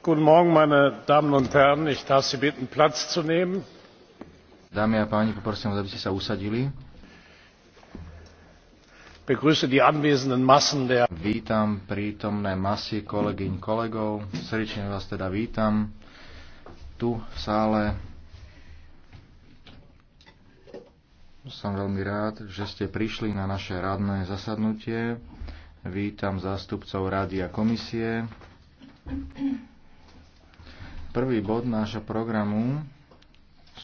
Guten Morgen, meine Damen und Herren. Ich darf Sie bitten, Platz zu nehmen. Dámy a páni, poprosím aby ste sa usadili. Begrüße die anwesenden Massen der Vítam prítomné masy kolegyň, kolegov. Srdečne vás teda vítam tu v sále. Som veľmi rád, že ste prišli na naše radné zasadnutie. Vítam zástupcov rady a komisie. Prvý bod nášho programu